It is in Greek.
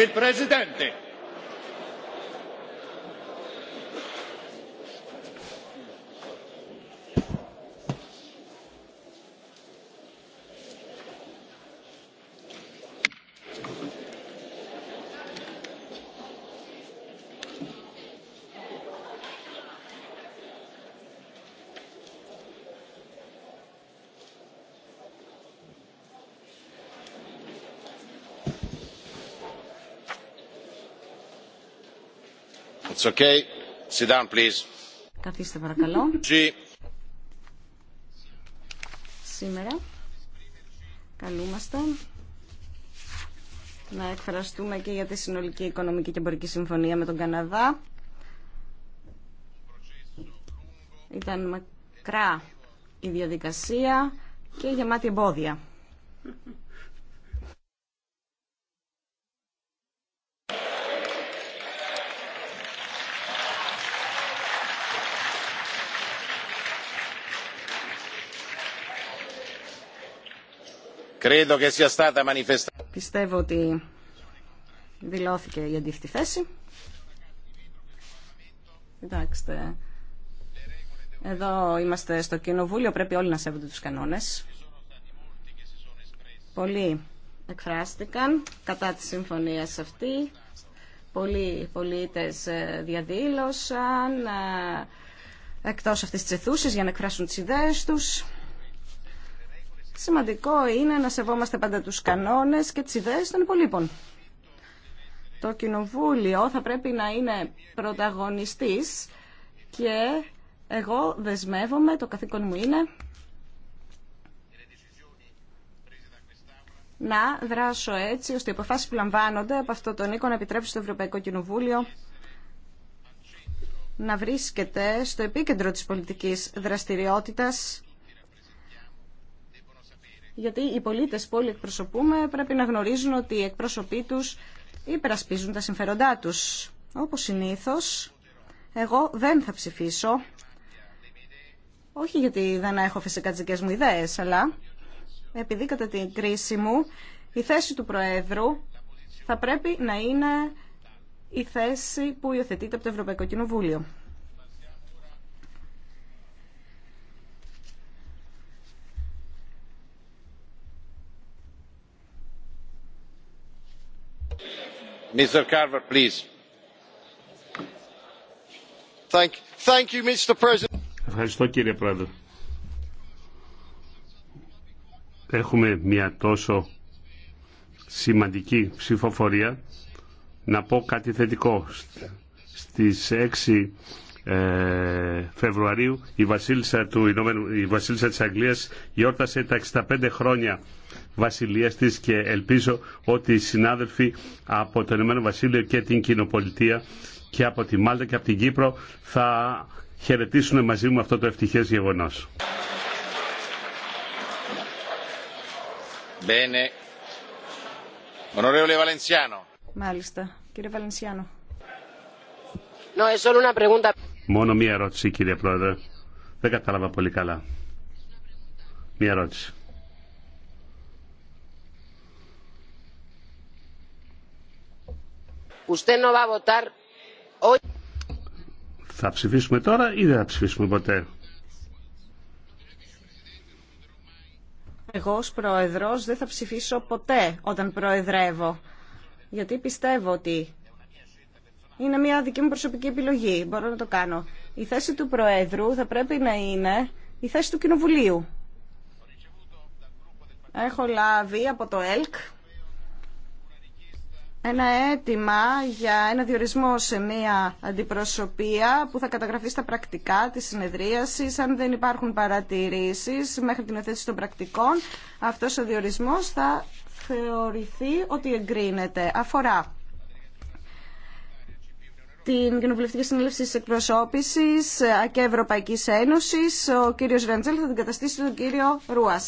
il presidente. Καθίστε παρακαλώ. Σήμερα καλούμαστε να εκφραστούμε και για τη συνολική οικονομική και εμπορική συμφωνία με τον Καναδά. Ήταν μακρά η διαδικασία και γεμάτη εμπόδια. Πιστεύω ότι δηλώθηκε η αντίθετη θέση. Κοιτάξτε, εδώ είμαστε στο Κοινοβούλιο, πρέπει όλοι να σέβονται τους κανόνες. Πολλοί εκφράστηκαν κατά τη συμφωνία αυτή. Πολλοί πολίτες ε, διαδήλωσαν ε, εκτός αυτής της αιθούσης για να εκφράσουν τις ιδέες τους. Σημαντικό είναι να σεβόμαστε πάντα τους κανόνες και τις ιδέες των υπολείπων. Το Κοινοβούλιο θα πρέπει να είναι πρωταγωνιστής και εγώ δεσμεύομαι, το καθήκον μου είναι να δράσω έτσι ώστε οι αποφάσεις που λαμβάνονται από αυτό τον οίκο να επιτρέψει στο Ευρωπαϊκό Κοινοβούλιο να βρίσκεται στο επίκεντρο της πολιτικής δραστηριότητας γιατί οι πολίτες που όλοι εκπροσωπούμε πρέπει να γνωρίζουν ότι οι εκπρόσωποι τους υπερασπίζουν τα συμφέροντά τους. Όπως συνήθως, εγώ δεν θα ψηφίσω, όχι γιατί δεν έχω φυσικά τις μου ιδέες, αλλά επειδή κατά την κρίση μου η θέση του Προέδρου θα πρέπει να είναι η θέση που υιοθετείται από το Ευρωπαϊκό Κοινοβούλιο. Ευχαριστώ κύριε Πρόεδρε. Έχουμε μια τόσο σημαντική ψηφοφορία. Να πω κάτι θετικό. Στις 6 ε, Φεβρουαρίου η βασίλισσα, του, η βασίλισσα της Αγγλίας γιόρτασε τα 65 χρόνια βασιλεία τη, και ελπίζω ότι οι συνάδελφοι από το Ηνωμένο Βασίλειο και την Κοινοπολιτεία και από τη Μάλτα και από την Κύπρο θα χαιρετήσουν μαζί μου αυτό το ευτυχές γεγονό. Bene. Onorevole Valenciano. Μάλιστα. Κύριε Βαλενσιάνο. Ε, Μόνο μία ερώτηση κύριε Πρόεδρε. Δεν κατάλαβα πολύ καλά. Μία ερώτηση. Θα ψηφίσουμε τώρα ή δεν θα ψηφίσουμε ποτέ. Εγώ ως πρόεδρος δεν θα ψηφίσω ποτέ όταν προεδρεύω. Γιατί πιστεύω ότι είναι μια δική μου προσωπική επιλογή. Μπορώ να το κάνω. Η θέση του Προέδρου θα πρέπει να είναι η θέση του Κοινοβουλίου. Έχω λάβει από το ΕΛΚ ένα αίτημα για ένα διορισμό σε μία αντιπροσωπεία που θα καταγραφεί στα πρακτικά της συνεδρίασης. Αν δεν υπάρχουν παρατηρήσεις μέχρι την οθέτηση των πρακτικών, αυτός ο διορισμός θα θεωρηθεί ότι εγκρίνεται. Αφορά την Κοινοβουλευτική Συνέλευση τη Εκπροσώπηση και Ευρωπαϊκή Ένωση. Ο κύριο Ρεντζέλ θα την καταστήσει τον κύριο Ρουάς.